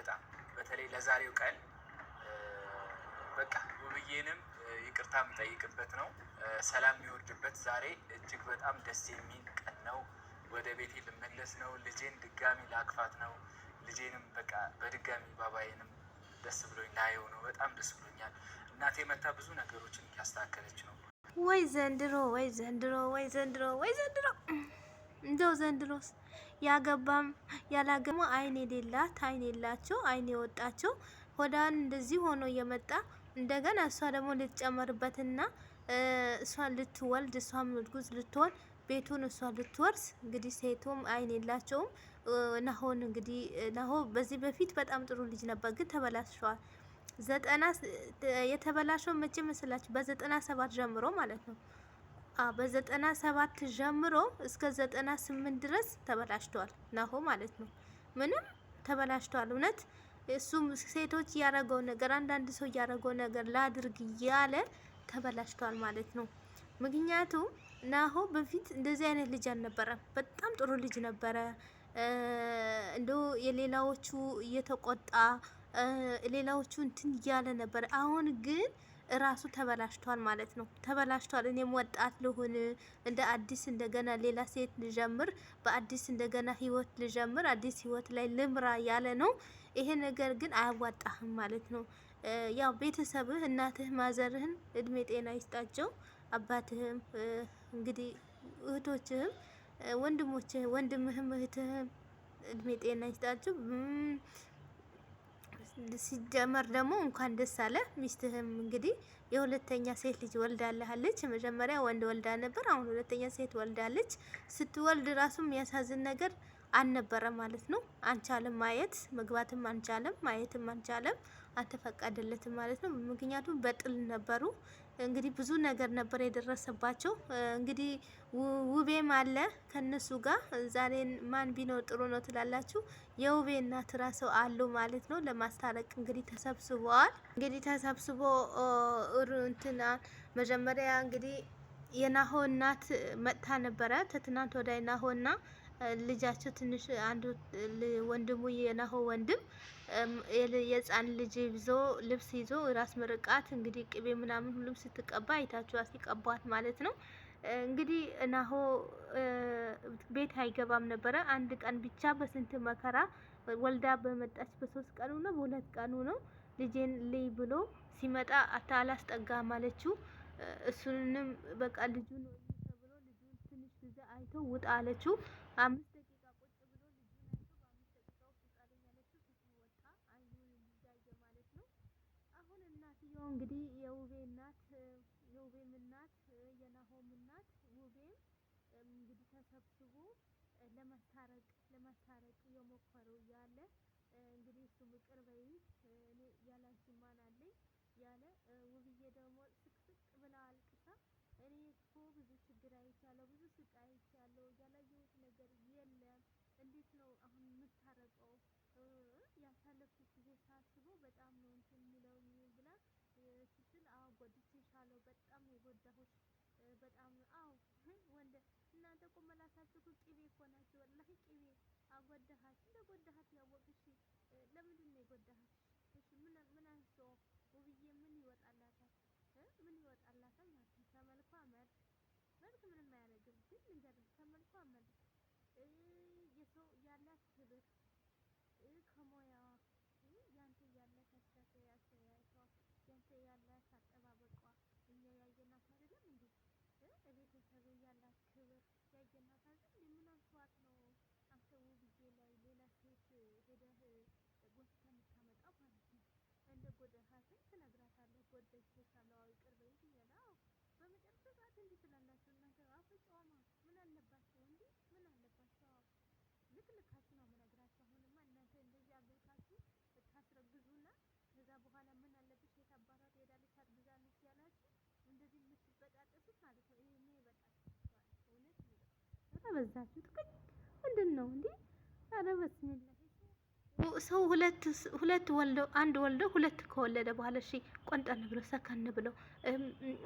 በጣም በተለይ ለዛሬው ቀን በቃ ውብዬንም ይቅርታ የምጠይቅበት ነው። ሰላም የሚወርድበት ዛሬ እጅግ በጣም ደስ የሚል ቀን ነው። ወደ ቤቴ ልመለስ ነው። ልጄን ድጋሚ ላቅፋት ነው። ልጄንም በቃ በድጋሚ ባባዬንም ደስ ብሎኝ ላየው ነው። በጣም ደስ ብሎኛል። እናቴ መታ ብዙ ነገሮችን እያስተካከለች ነው። ወይ ዘንድሮ ወይ ዘንድሮ ወይ ዘንድሮ ወይ ዘንድሮ እንደው ዘንድሮስ ያገባም ያላገሙ አይን የሌላት አይን የላቸው አይን የወጣቸው ሆዳን እንደዚህ ሆኖ እየመጣ እንደገና እሷ ደግሞ ልትጨመርበትና እሷን ልትወልድ እሷም እርጉዝ ልትሆን ቤቱን እሷ ልትወርስ እንግዲህ ሴቱም አይን የላቸውም። ናሆን እንግዲህ ናሆ በዚህ በፊት በጣም ጥሩ ልጅ ነበር፣ ግን ተበላሽቷል። ዘጠና የተበላሸው መቼ መስላችሁ? በዘጠና ሰባት ጀምሮ ማለት ነው በዘጠና ሰባት ጀምሮ እስከ ዘጠና ስምንት ድረስ ተበላሽተዋል። ናሆ ማለት ነው ምንም ተበላሽተዋል። እውነት እሱም ሴቶች ያደረገው ነገር አንዳንድ ሰው እያደረገው ነገር ላድርግ እያለ ተበላሽተዋል ማለት ነው። ምክንያቱም ናሆ በፊት እንደዚህ አይነት ልጅ አልነበረም። በጣም ጥሩ ልጅ ነበረ። እንደ የሌላዎቹ እየተቆጣ ሌላዎቹ እንትን እያለ ነበረ። አሁን ግን እራሱ ተበላሽቷል ማለት ነው። ተበላሽቷል። እኔም ወጣት ልሁን እንደ አዲስ እንደገና ሌላ ሴት ልጀምር፣ በአዲስ እንደገና ህይወት ልጀምር፣ አዲስ ህይወት ላይ ልምራ ያለ ነው። ይሄ ነገር ግን አያዋጣህም ማለት ነው። ያው ቤተሰብህ እናትህ፣ ማዘርህን እድሜ ጤና ይስጣቸው። አባትህም እንግዲህ እህቶችህም፣ ወንድሞችህ፣ ወንድምህም፣ እህትህም እድሜ ጤና ይስጣቸው። ሲጀመር ደግሞ እንኳን ደስ አለ። ሚስትህም እንግዲህ የሁለተኛ ሴት ልጅ ወልዳለች። መጀመሪያ ወንድ ወልዳ ነበር፣ አሁን ሁለተኛ ሴት ወልዳለች። ስትወልድ ራሱ የሚያሳዝን ነገር አልነበረም ማለት ነው። አንቻለም ማየት መግባትም አንቻለም ማየትም አንቻለም አልተፈቀደለትም ማለት ነው። ምክንያቱም በጥል ነበሩ። እንግዲህ ብዙ ነገር ነበር የደረሰባቸው። እንግዲህ ውቤም አለ ከነሱ ጋር ዛሬ ማን ቢኖር ጥሩ ነው ትላላችሁ? የውቤ እናት ራሱ አሉ ማለት ነው። ለማስታረቅ እንግዲህ ተሰብስበዋል። እንግዲህ ተሰብስቦ እንትና መጀመሪያ እንግዲህ የናሆ እናት መጥታ ነበረ። ከትናንት ናሆና ልጃቸው ትንሽ አንዱ ወንድሙ የናሆ ወንድም የህፃን ልጅ ይዞ ልብስ ይዞ ራስ ምርቃት እንግዲህ ቅቤ ምናምን ሁሉም ስትቀባ አይታችሁ ሲቀቧት ማለት ነው። እንግዲህ ናሆ ቤት አይገባም ነበረ። አንድ ቀን ብቻ በስንት መከራ ወልዳ በመጣች በሶስት ቀኑ ነው በሁለት ቀኑ ነው ልጄን ልይ ብሎ ሲመጣ አታላስጠጋ ማለችው። እሱንም በቃ ልጁን ተብሎ ልጁን ትንሽ ጊዜ አይቶ ውጣ አለችው። አምስት ደቂቃ ቁጭ ብሎ ልጁ መጥቶ በአምስት ደቂቃ ውስጥ ያለችው ፊቱ ወጣ አይኑ እያየ ማለት ነው። አሁን እናትየው እንግዲህ የውቤ እናት የውቤም እናት የናሆም እናት ውቤም እንግዲህ ተሰብስቦ ለመታረቅ ለመታረቅ እየሞከሩ እያለ እንግዲህ እሱም ይቅር በይኝ ያላንቺ ማን አለኝ ያለ ውብዬ ደግሞ አሁን የምታረቀው ያሳለፍኩት ጊዜ ሳስበው በጣም ነው እንትን የሚለው ብላ ስትል አዎ ጎድቼሻለሁ፣ በጣም ነው የጎዳሁት፣ በጣም አዎ። ወንድ እናንተ እኮ መላሳችሁ ቂቤ እኮ ናቸው፣ ወላሂ ቂቤ። አጎዳሃት እንደ ጎዳሃት ያወቅሽ ለምንድን ነው የጎዳሃት? እሺ ምን ምን አንሶ ውብዬ ምን ይወጣላታል? ምን ይወጣላታል ማለት ነው። ከመልኳ መልክ መልክ ምንም አያደርግም፣ ግን ንገር ከመልኳ መልክ የሰው ያላት ክብር ከሞያዋ ያንተ ያንተ አጠባበቋ እኛ ያየናት አይደለም እንዴ? ቤተሰብ ያላት ክብር ያየናት አይደል? ምን ነው አንተ ውብዬ ላይ ሌላ ሴት ሄደህ ጎትተህ የምታመጣው ማለት ነው። እንደ ትነግራታለህ። በመጨረሻ ሰዓት እንዲህ በኋላ ምን አለብሽ የት አባቷ ትሄዳለች አትግዛለች ያላችሁ እንደዚህ የምትበጣጠሱት ማለት ነው። ይሄ ነው የበቃችሁ እውነት ነው። በጣም ትክክል ምንድን ነው እንዴ? ኧረ በስሚላ ሰው ሁለት ሁለት ወልደው አንድ ወልዶ ሁለት ከወለደ በኋላ እሺ ቆንጠን ብለው ሰከን ብለው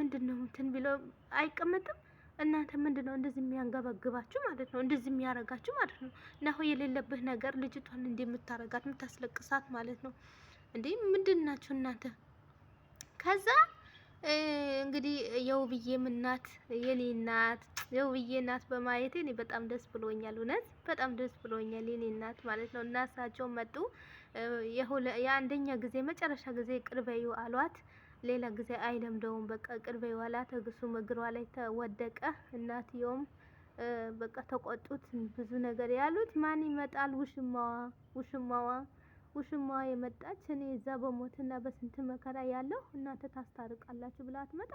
ምንድን ነው እንትን ብለው አይቀመጥም። እናንተ ምንድን ነው እንደዚህ የሚያንገበግባችሁ ማለት ነው፣ እንደዚህ የሚያረጋችሁ ማለት ነው። ናሆ የሌለብህ ነገር ልጅቷን እንደምታረጋት የምታስለቅሳት ማለት ነው። እንዴ ምንድን ናችሁ እናንተ? ከዛ እንግዲህ የውብዬም እናት የኔ እናት የውብዬ እናት በማየቴ እኔ በጣም ደስ ብሎኛል። እውነት በጣም ደስ ብሎኛል። የኔ እናት ማለት ነው። እና እሳቸው መጡ። የአንደኛ ጊዜ መጨረሻ ጊዜ ቅርበዩ አሏት። ሌላ ጊዜ አይለምደውም። በቃ ቅርበዩ አላት። እሱም እግሯ ላይ ተወደቀ። እናትየውም በቃ ተቆጡት። ብዙ ነገር ያሉት ማን ይመጣል? ውሽማዋ ውሽማዋ ውሽማ የመጣች እኔ እዛ በሞትና በስንት መከራ ያለው እናንተ ታስታርቃላችሁ ብላ አትመጣ።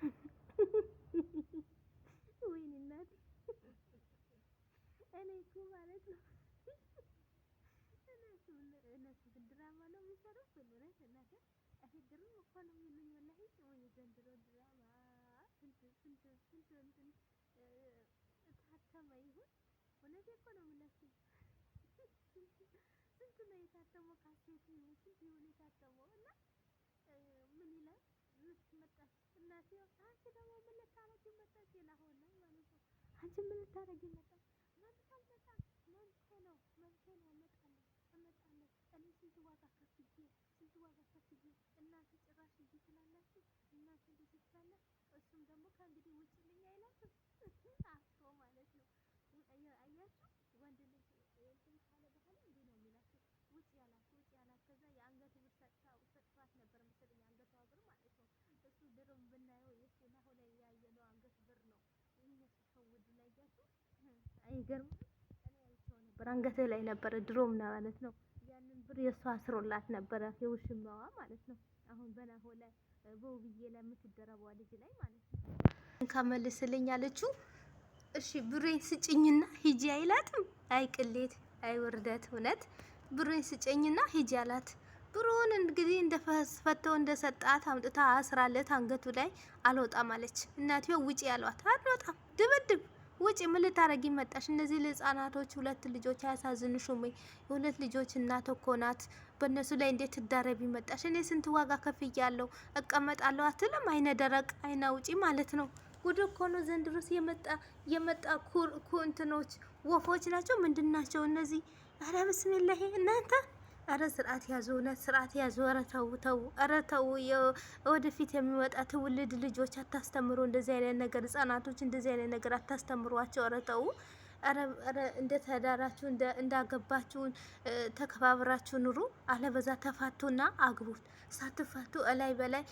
ወይኔ እናቴ እኔ እኮ ማለት ነው እነሱ ግን ድራማ ነው የሚሰሩት። እኮ ነው የሚሉኝ ወላሂ። ወይ ዘንድሮ ድራማ ስንት ስንት ስንት እንትን ታተመ ይሁን። እውነቴ እኮ ነው ስንት ነው የታተመው፣ ካሴት ነው ስንት የሆነ የታተመው እና ምን ይላል ዝት መጣች እናቴ፣ አንቺ ደግሞ ምን ልታረጊ መጣች ይላል ማለት ነው። አንቺ ምን ልታረጊ መጣች? መምጣ መጣ መምቼ ነው መምቼ ነው እመጣለሁ እመጣለሁ። እኔ ስንት ዋጋ ከፍዬ ስንት ዋጋ ከፍዬ እናንተ ጭራሽ እዚህ ትላላችሁ፣ እናንተ እንደዚህ ትላላችሁ። እሱም ደግሞ ከእንግዲህ ውጭ ልኝ አይላችሁ አቶ ማለት ነው። አያችሁ ይገርም ነበር ላይ ነበረ ድሮም ማለት ነው። ያንን ብር የእሷ አስሮላት ነበረ የውሽማዋ ማለት ነው። አሁን በናሆላ በውብዬ ላይ የምትደረበዋ ልጅ ላይ ማለት ነው። ካመልስልኝ አለችው። እሺ ብሬን ስጭኝና ሂጂ አይላትም። አይ ቅሌት፣ አይ ውርደት! እውነት ብሬን ስጭኝና ሂጂ አላት። ብሩን እንግዲህ እንደፈተው እንደሰጣት አምጥታ አስራለት አንገቱ ላይ አልወጣም አለች። እናትየው ውጪ አሏት። አልወጣም ድብድብ ውጭ ምን ልታረጊ መጣሽ? እነዚህ ለህፃናቶች ሁለት ልጆች አያሳዝኑሽም ወይ? የሁለት ልጆች እናት እኮ ናት። በእነሱ ላይ እንዴት ትዳረቢ መጣሽ? እኔ ስንት ዋጋ ከፍያለሁ፣ እቀመጣለሁ አትልም። አይነ ደረቅ አይና ውጪ ማለት ነው። ጉድ እኮ ነው ዘንድሮስ የመጣ የመጣ ኩር ኩ ወፎች ናቸው ምንድን ናቸው እነዚህ? ኧረ ብስሚላሂ እናንተ አረ ስርዓት ያዙ፣ እውነት ስርዓት ያዙ። ኧረ ተው ተው፣ ተው። ወደፊት የሚወጣ ትውልድ ልጆች አታስተምሩ፣ እንደዚህ አይነት ነገር ህጻናቶች፣ እንደዚህ አይነት ነገር አታስተምሯቸው። ረተው ተው። አረ እንደ ተዳራችሁ እንዳገባችሁ ተከባብራችሁ ኑሩ። አለበዛ ተፋቱና አግቡት። ሳትፋቱ እላይ በላይ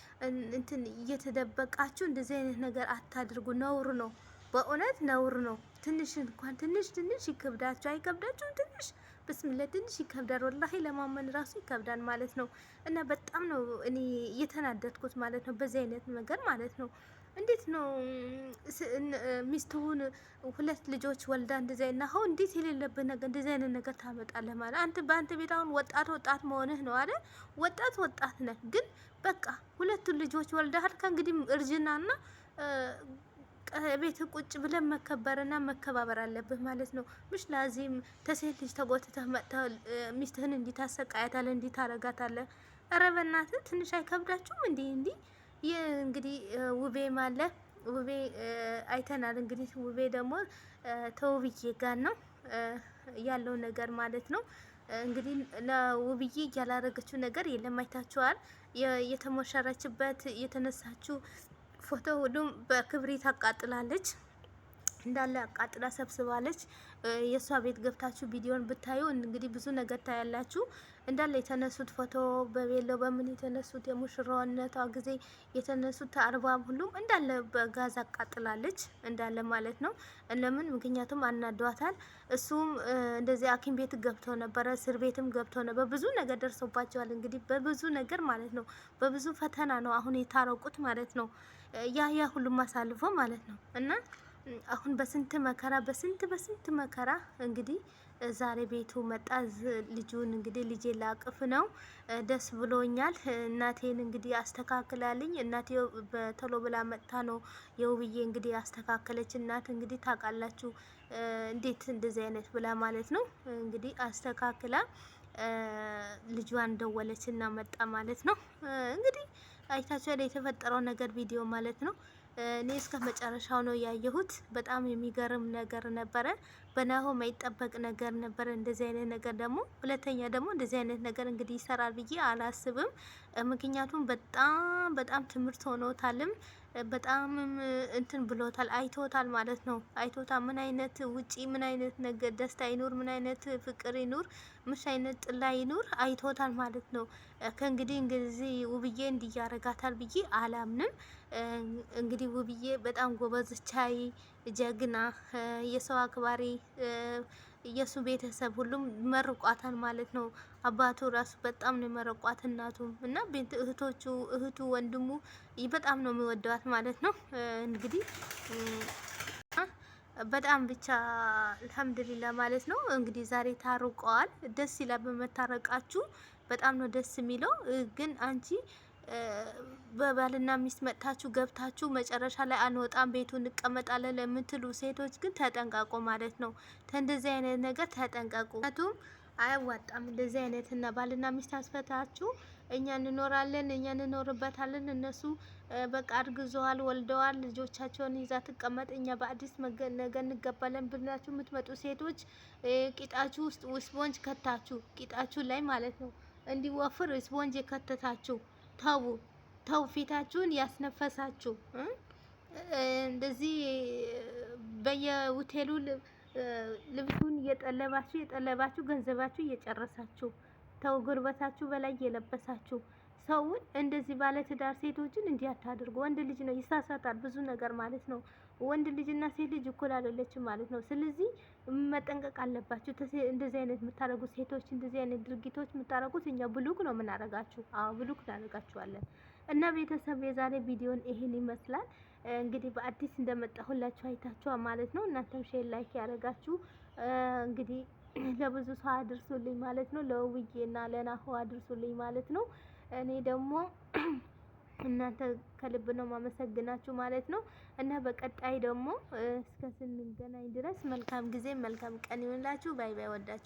እንትን እየተደበቃችሁ እንደዚህ አይነት ነገር አታድርጉ። ነውር ነው፣ በእውነት ነውር ነው። ትንሽ እንኳን ትንሽ ትንሽ ይከብዳችሁ አይከብዳችሁም? ትንሽ ብስምላ ትንሽ ይከብዳል፣ ወላሂ ለማመን ራሱ ይከብዳል ማለት ነው። እና በጣም ነው እኔ እየተናደድኩት ማለት ነው፣ በዚህ አይነት ነገር ማለት ነው። እንዴት ነው ሚስትሁን ሁለት ልጆች ወልዳ እንደዚያ እና አሁን እንዴት የሌለብህ ነገር እንደዚህ አይነት ነገር ታመጣለህ ማለት አንተ በአንተ ቤት አሁን ወጣት ወጣት መሆንህ ነው አለ ወጣት ወጣት ነህ፣ ግን በቃ ሁለቱን ልጆች ወልዳሃል። ከእንግዲህ እርጅናና ቤት ቁጭ ብለን መከበርና መከባበር አለብህ ማለት ነው። ምሽ ላዚም ተሴት ልጅ ተጎትተህ መጥተህ ሚስትህን እንዲህ ታሰቃያታለህ፣ እንዲህ ታረጋታለህ። ኧረ በእናትህ ትንሽ አይከብዳችሁም? እንዲህ እንዲህ ይህ እንግዲህ ውቤ ማለ ውቤ አይተናል። እንግዲህ ውቤ ደግሞ ተውብዬ ጋር ነው ያለው ነገር ማለት ነው። እንግዲህ ለውብዬ ያላረገችው ነገር የለም አይታችኋል። የተሞሸረችበት የተነሳችው ፎቶ ሁሉም በክብሪት አቃጥላለች። እንዳለ አቃጥላ ሰብስባለች። የእሷ ቤት ገብታችሁ ቪዲዮን ብታዩ እንግዲህ ብዙ ነገር ታያላችሁ። እንዳለ የተነሱት ፎቶ በቤሎ በምን የተነሱት የሙሽራነቷ ጊዜ የተነሱት ተአርባም ሁሉም እንዳለ በጋዝ አቃጥላለች እንዳለ ማለት ነው። ለምን ምክንያቱም አናዷታል። እሱም እንደዚህ ሐኪም ቤት ገብቶ ነበረ፣ እስር ቤትም ገብቶ ነበር። ብዙ ነገር ደርሶባቸዋል። እንግዲህ በብዙ ነገር ማለት ነው። በብዙ ፈተና ነው አሁን የታረቁት ማለት ነው። ያ ያ ሁሉም አሳልፎ ማለት ነው እና አሁን በስንት መከራ በስንት በስንት መከራ እንግዲህ ዛሬ ቤቱ መጣ። ልጁን እንግዲህ ልጄ ላቅፍ ነው ደስ ብሎኛል። እናቴን እንግዲህ አስተካክላልኝ እናቴ በቶሎ ብላ መጥታ ነው የውብዬ እንግዲህ አስተካከለች እናት እንግዲህ ታውቃላችሁ እንዴት እንደዚህ አይነት ብላ ማለት ነው እንግዲህ አስተካክላ ልጇን ደወለች እና መጣ ማለት ነው። እንግዲህ አይታችኋል የተፈጠረው ነገር ቪዲዮ ማለት ነው። እኔ እስከ መጨረሻው ነው ያየሁት። በጣም የሚገርም ነገር ነበረ። በናሆ የማይጠበቅ ነገር ነበረ። እንደዚህ አይነት ነገር ደግሞ ሁለተኛ ደግሞ እንደዚህ አይነት ነገር እንግዲህ ይሰራል ብዬ አላስብም። ምክንያቱም በጣም በጣም ትምህርት ሆኖታልም። በጣም እንትን ብሎታል፣ አይቶታል ማለት ነው። አይቶታል ምን አይነት ውጪ ምን አይነት ነገር ደስታ ይኑር፣ ምን አይነት ፍቅር ይኑር፣ ምን አይነት ጥላ ይኑር፣ አይቶታል ማለት ነው። ከእንግዲህ እንግዲህ ውብዬ እንዲያረጋታል ብዬ አላምንም። እንግዲህ ውብዬ በጣም ጎበዝ፣ ቻይ፣ ጀግና፣ የሰው አክባሪ የእሱ ቤተሰብ ሁሉም መርቋታል ማለት ነው። አባቱ ራሱ በጣም ነው የመረቋት እናቱም እና ቤት እህቶቹ፣ እህቱ፣ ወንድሙ በጣም ነው የሚወደዋት ማለት ነው። እንግዲህ በጣም ብቻ አልሐምዱሊላ ማለት ነው። እንግዲህ ዛሬ ታርቀዋል። ደስ ይላል በመታረቃችሁ። በጣም ነው ደስ የሚለው ግን አንቺ በባልና ሚስት መጥታችሁ ገብታችሁ መጨረሻ ላይ አንወጣም ቤቱ እንቀመጣለን ለምትሉ ሴቶች ግን ተጠንቀቁ ማለት ነው። ከእንደዚህ አይነት ነገር ተጠንቀቁ። ምክንያቱም አያዋጣም። እንደዚህ አይነትና ባልና ሚስት አስፈታችሁ እኛ እንኖራለን፣ እኛ እንኖርበታለን፣ እነሱ በቃ አርግዘዋል፣ ወልደዋል፣ ልጆቻቸውን ይዛ ትቀመጥ፣ እኛ በአዲስ ነገር እንገባለን ብላችሁ የምትመጡ ሴቶች ቂጣችሁ ውስጥ ስፖንጅ ከታችሁ ቂጣችሁ ላይ ማለት ነው እንዲወፍር ስፖንጅ የከተታችሁ ተው ተው፣ ፊታችሁን ያስነፈሳችሁ እንደዚህ በየሆቴሉ ልብሱን እየጠለባችሁ የጠለባችሁ ገንዘባችሁ እየጨረሳችሁ ተው፣ ጉልበታችሁ በላይ እየለበሳችሁ ሰውን እንደዚህ ባለትዳር ሴቶችን እንዲህ አታድርጉ። ወንድ ልጅ ነው ይሳሳታል፣ ብዙ ነገር ማለት ነው። ወንድ ልጅና ሴት ልጅ እኩል አይደለችም ማለት ነው። ስለዚህ መጠንቀቅ አለባችሁ። እንደዚህ አይነት የምታደርጉት ሴቶች፣ እንደዚህ አይነት ድርጊቶች የምታደርጉት እኛ ብሉክ ነው የምናደርጋችሁ። አዎ ብሉክ እናደርጋችኋለን። እና ቤተሰብ የዛሬ ቪዲዮን ይሄን ይመስላል። እንግዲህ በአዲስ እንደመጣሁላችሁ አይታችኋል ማለት ነው። እናንተም ሼር ላይክ ያደረጋችሁ እንግዲህ ለብዙ ሰው አድርሱልኝ ማለት ነው። ለውዬና ለናሆ አድርሱልኝ ማለት ነው። እኔ ደግሞ እናንተ ከልብ ነው ማመሰግናችሁ ማለት ነው። እና በቀጣይ ደግሞ እስከ ስንገናኝ ድረስ መልካም ጊዜ መልካም ቀን ይሁንላችሁ። ባይ ባይ። ወዳችሁ